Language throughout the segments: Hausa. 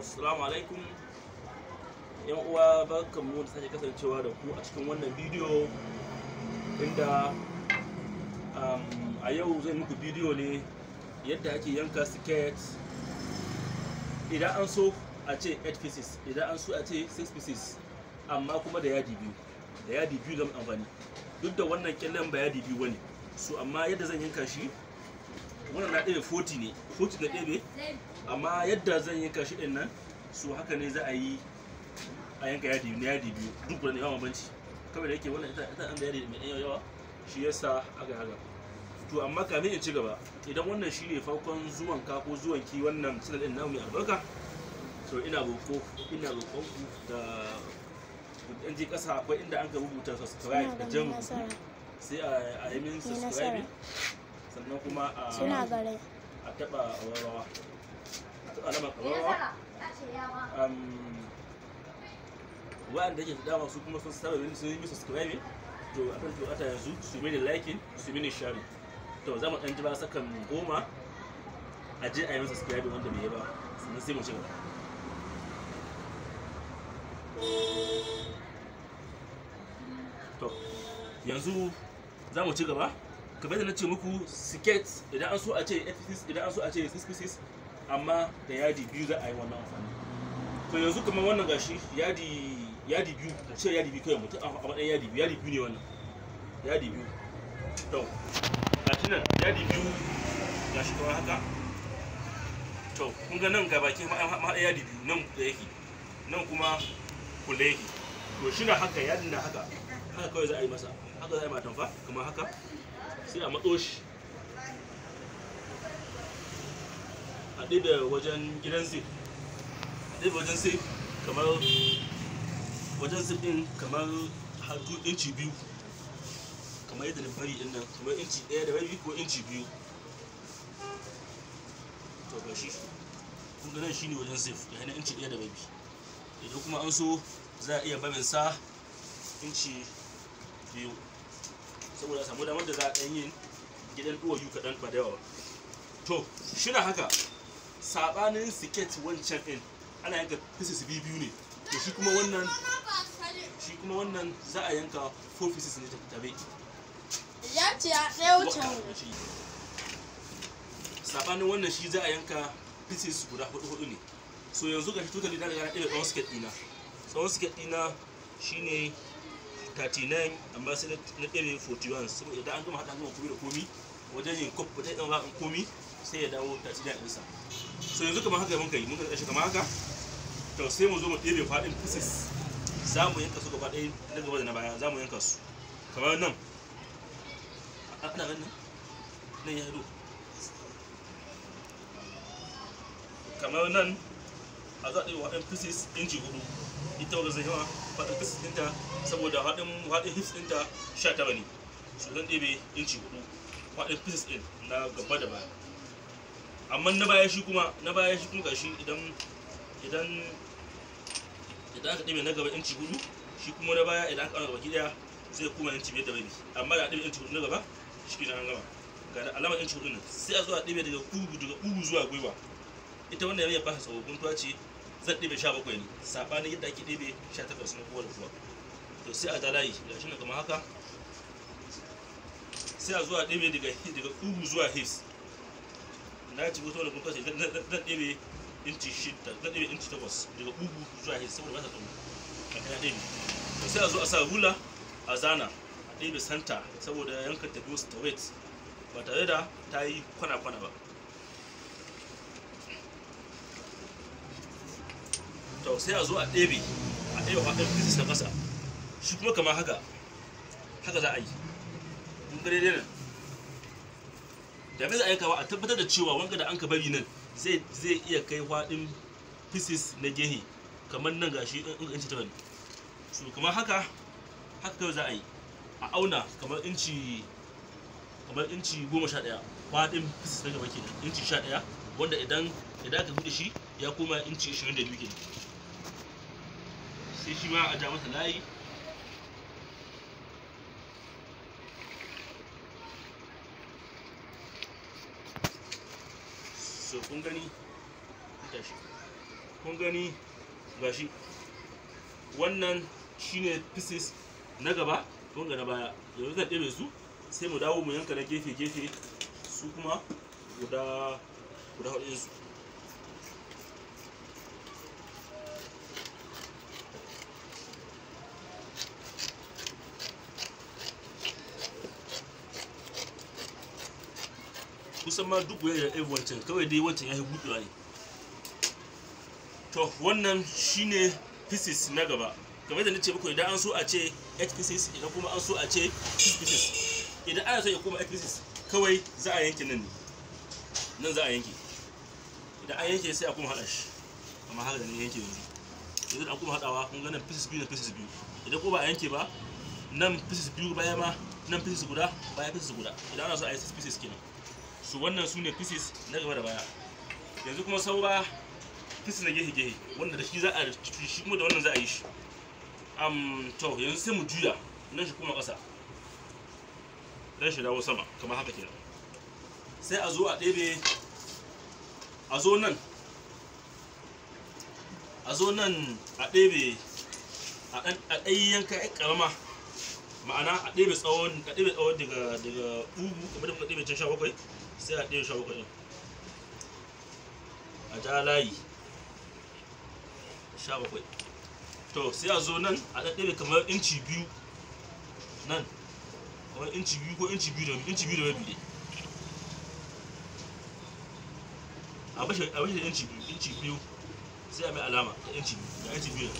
assalamu alaikum yan uwa barkan mu da sake kasancewa da ku a cikin wannan bidiyo inda um, a yau zai muku bidiyo ne yadda ake yanka siket idan an so a ce 8 pieces idan an so a ce 6 pieces amma kuma da yadi biyu da yadi biyu zan amfani duk da wannan kyallon ba yadi biyu wani so amma yadda zan yanka shi wannan na ɗaya 40 ne 40 na ɗebe amma yadda zan yi kashi ɗin nan so haka ne za a yi a yanka yadi na yadi biyu duk da ne yawan banci kawai da yake wannan ita ita an da yadi mai ɗan yawa shi yasa aka haka to amma kamin in ci gaba idan wannan shi ne farkon zuwan ka ko zuwan ki wannan sanar ɗin namu mai albarka so ina roƙo ina roƙon ku da an je ƙasa akwai inda an ka rubuta subscribe da jan sai a yi min subscribe sannan kuma a suna gare a taba rawa a taba rama rawa wa'anda ke dama su kuma sun saba sun yi subscribe to a kan ata yanzu su mini liking su mini sharing to za mu dan ji sakan goma a je a yi masa subscribe wanda bai yi ba sannan sai mu ci gaba to yanzu za mu ci gaba kamar da na ce muku skates idan an so a ce 8 idan an so a ce 6 amma da yadi biyu za a yi wannan amfani to yanzu kamar wannan gashi yadi yadi biyu a ce yadi biyu kawai mutum a dan yadi biyu yadi biyu ne wannan yadi biyu to gashi nan yadi biyu gashi kamar haka to kun ga nan ma dan yadi biyu nan da yake nan kuma kula yake to shi na haka yadi na haka haka kawai za a yi masa haka za a yi matamfa kamar haka sai a matso shi a ɗiba wajen gidan zip a ɗiba wajen zip kamar wajen zip ɗin kamar hatu inci biyu kamar yadda na bari ɗin nan kamar inci ɗaya da rabi ko inci biyu to ga shi kun ganin shi ne wajen zip ya na inci ɗaya da rabi idan kuma an so za a iya barin sa inci biyu saboda samu damar da za a ɗan yin gidan yi kaɗan ba da yawa to shina haka saɓanin siket wancan ɗin ana yanka pieces biyu biyu ne to shi kuma wannan shi kuma wannan za a yanka four pieces ne tabe ya ce a ɗaya wucin saɓanin wannan shi za a yanka pieces guda hudu hudu ne so yanzu ga shi tutali da riga na ɗaya tsawon siket ɗina tsawon siket ɗina shine 39 sai na ɗere 41 saboda idan an gama haɗa gama komi da komi wajen yin kop da ɗan ra'in komi sai ya dawo 39 ɗinsa so yanzu kamar haka mun kai mun kai kamar haka to sai mu zo mu ɗebe faɗin pieces za mu yanka su gaba ɗaya na gaba da na baya za mu yanka su kamar nan a ɗan nan ya hado kamar nan a za a ɗebe waɗin pieces inci hudu ita zai zahima faɗin kis ɗinta saboda haɗin haɗin hips ɗinta sha tara ne su zan ɗebe inci hudu faɗin pieces ɗin na gaba da baya amma na baya shi kuma na baya shi kuma gashi idan idan idan aka ɗebe na gaba inci hudu shi kuma na baya idan aka ɗaura baki ɗaya zai kuma inci biyar da rabi amma da ɗebe inci hudu na gaba shi ke an gama ga da alamar inci hudu nan sai a zo a ɗebe daga kugu daga kugu zuwa gwiwa ita wannan yanayin ba ta tsawo guntuwa ce zan ɗibe sha bakwai ne saɓanin yadda ake ɗibe sha takwas na kowa da kowa to sai a da layi ga shi na kama haka sai a zuwa ɗebe daga ugu zuwa hips na ci wasu da kuma kashe zan ɗebe inci shida zan ɗebe inci takwas daga ugu zuwa hips saboda ba ta tsawo a ɗebe to sai a zo a sa rula a zana a ɗebe santa saboda yankan tafiyo su ta wet ba tare da ta yi kwana-kwana ba to sai a zo a ɗebe a ɗebe kwakwar fisis na ƙasa shi kuma kamar haka haka za a yi kun gare nan da bai za a yi kawa a tabbatar da cewa wanga da an ka bari nan zai iya kai faɗin fisis na gehe kamar nan gashi in ka inci ta wani so kamar haka haka kawai za a yi a auna kamar inci kamar inci goma sha ɗaya faɗin fisis na gaba kenan inci sha ɗaya wanda idan idan aka buɗe shi ya koma inci 22 kenan sai shi ma a ja masa layi so kun gani gashi kun gani gashi wannan shine pieces na gaba kun ga na baya yanzu zan ɗebe su sai mu dawo mu yanka na gefe gefe su kuma guda guda hudu su kusan ma duk ya yi wancan kawai dai wancan ya yi buɗewa ne to wannan shine pieces na gaba kamar da nace muku idan an so a ce eight pieces idan kuma an so a ce six pieces idan ana so ya koma eight pieces kawai za a yanke nan ne nan za a yanke idan an yanke sai a kuma haɗa shi amma haka da ne yanke yanzu idan an kuma haɗawa kun ganin pieces biyu na pieces biyu idan ko ba a yanke ba nan pieces biyu baya ma nan pieces guda baya pieces guda idan ana so a yi six pieces kenan su wannan su ne pieces na gaba da baya yanzu kuma saura pieces na gehe gehe wanda da shi za a shi kuma da wannan za a yi shi am to yanzu sai mu juya nan shi kuma ƙasa dan shi dawo sama kamar haka kenan sai a zo a ɗebe a zo nan a zo nan a ɗebe a ɗan yanka ƙarama ma'ana a ɗebe tsawon a ɗebe tsawon daga daga ugu kamar da muka ɗebe can sha bakwai sai a ɗebe sha bakwai ɗin a ja layi sha bakwai to sai a zo nan a ɗaɗɗebe kamar inci biyu nan kamar inci biyu ko inci biyu da rabi inci biyu da rabi ne a bashi a bashi inci biyu inci biyu sai a mai alama ta inci biyu da inci biyu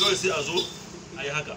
kawai sai a zo a yi haka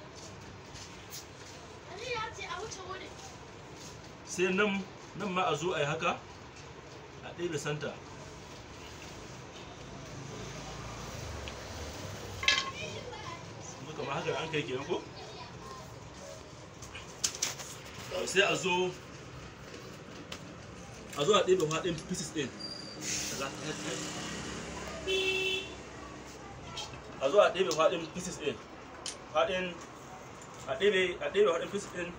sai nan nan ma a zo a yi haka a ɗebe santa kamar haka an kai kenan ko sai a zo a zo a ɗebe ɗin pieces ɗin a zo a ɗebe ɗin pieces ɗin faɗin a ɗebe a ɗebe faɗin pieces ɗin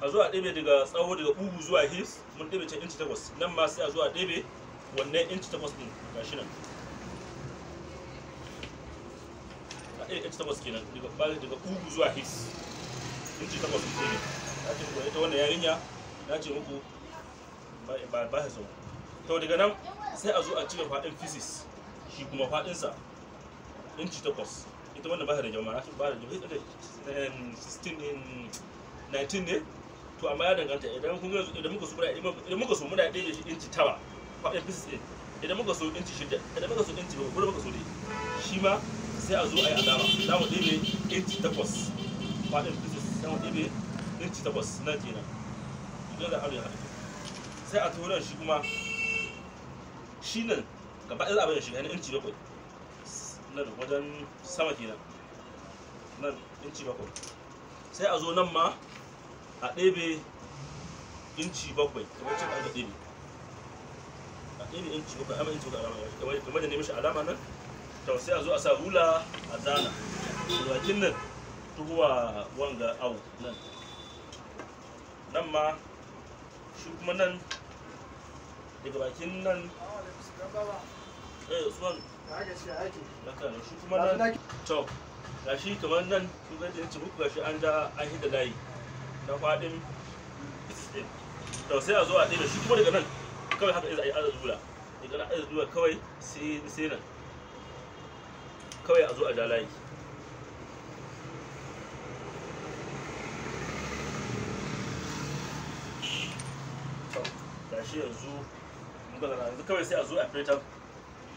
a zuwa ɗebe daga tsawo daga ƙugu zuwa his mun ɗebe can inci takwas nan ma sai a zuwa ɗebe wannan inci takwas ɗin ga shi nan a ɗebe inci takwas kenan daga ɓari daga ƙugu zuwa his inci takwas ɗin ne na ce muku ita wannan yarinya na ce muku ba ba ta tsawo to daga nan sai a zo a cire faɗin physics shi kuma faɗinsa inci takwas ita wannan ba ta da jama'a ba ta da jama'a 16 in 19 ne to amma ya danganta idan kun yanzu idan muka so muna idan muka so muna ɗebe shi inci tara faɗin fisis ɗin idan muka so inci shida idan muka so inci ba kuma muka so dai shi ma sai a zo a yi alama za mu ɗebe inci takwas faɗin fisis za mu ɗebe inci takwas na kenan idan da yi haɗu sai a taho nan shi kuma shi nan gaba ɗaya za a bayyana shi ne inci bakwai nan wajen sama kenan nan inci bakwai sai a zo nan ma a ɗebe inci bakwai kamar cin aka ɗebe a ɗebe inci bakwai amma inci bakwai alama kamar da nemi shi alama nan to sai a zo a sa rula a zana bakin nan tuhuwa wanga au nan nan ma shi kuma nan daga bakin nan eh usman shi kuma nan to gashi kamar nan kuma ga da yace muku gashi an da an hida layi da faɗin sai a zo a ɗebe shi kuma daga nan kawai haka za a yi arzula daga nan arzula kawai sai nan kawai a zo a yanzu yanzu kawai sai a zo a fitar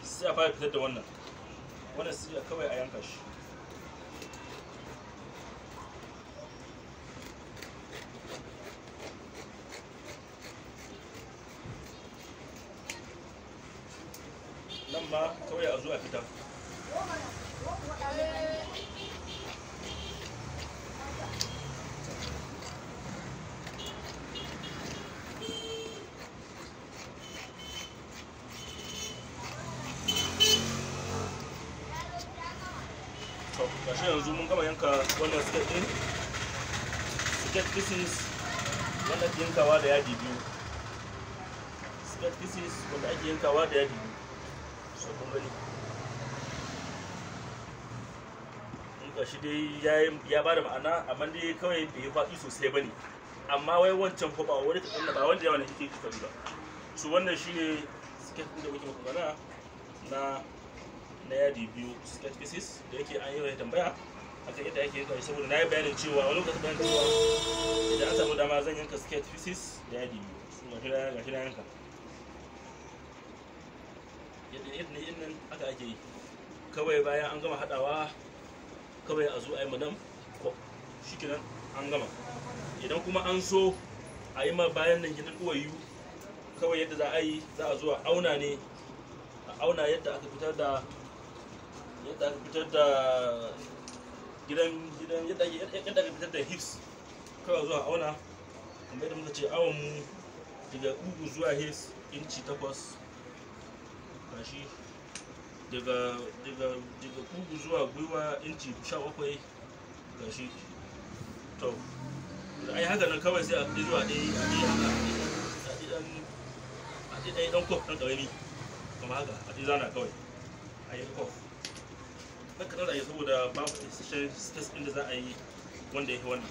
sai a fara fitar da wannan wannan sai kawai a yanka shi a sauya a zuwa fita gashi yanzu mun gama yanka wannan siket din siket pieces wanda ake yankawa da yadi biyu wanda ake yankawa da yadi biyu ga shi dai ya ba da ma'ana amma dai kawai bai yi faɗi sosai ba ne amma wai wancan fa ba wani kaɗan da ba wanda yawa ne kake kifari ba su wannan shi ne sket da muke magana na na yadi biyu sket pieces da yake an yi wani tambaya akan yadda ake yanka saboda na yi bayanin cewa wani lokacin bayanin cewa idan an samu dama zan yanka sket pieces da yadi biyu su ga shi na yanka yadda yadda yin nan aka ake yi kawai bayan an gama haɗawa kawai a zo a yi madam ko shikenan an gama idan kuma an so a yi ma bayan nan gidan ɗuwayu kawai yadda za a yi za a zo a auna ne a auna yadda aka fitar da yadda aka fitar da gidan gidan yadda aka fitar da hips kawai zuwa auna kamar yadda muka ce awon mu daga ugu zuwa hips inci takwas gashi daga daga daga kugu zuwa gwiwa inci sha bakwai gashi to ai haka nan kawai sai a fi zuwa ɗaya a ɗaya a ɗi ɗan a ɗi ɗaya ɗan kof ɗan ƙarami kamar haka a ɗi zana kawai a yi kof na kaɗan da yi saboda babu isasshen space ɗin da za a yi wanda ya fi wannan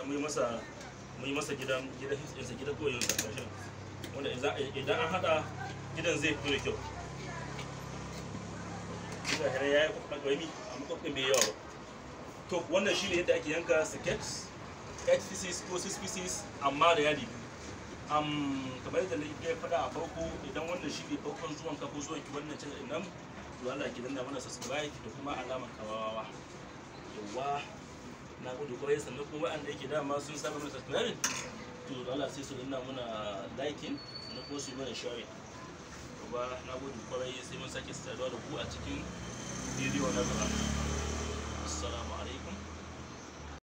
da mu masa mu yi masa gidan gidan hisɗinsa gidan koyon sa wanda idan an gidan zai fito da kyau hira ya yi kwakwan ƙarami amma bai yawa ba to wannan shi ne yadda ake yanka pieces ko pieces amma da yadi kamar yadda ya faɗa a farko idan wannan shi ne farkon zuwan ka ko zuwan ki wannan can nan to Allah ki danna mana subscribe da kuma alamar kawawa yawa na gudu kwarai sannan kuma wa'anda yake dama sun saba mai subscribing to da sai su nuna muna liking sannan kuma su yi mana sharing ba na gudu kwarai sai mun sake saduwa da ku a cikin bidiyo na gaba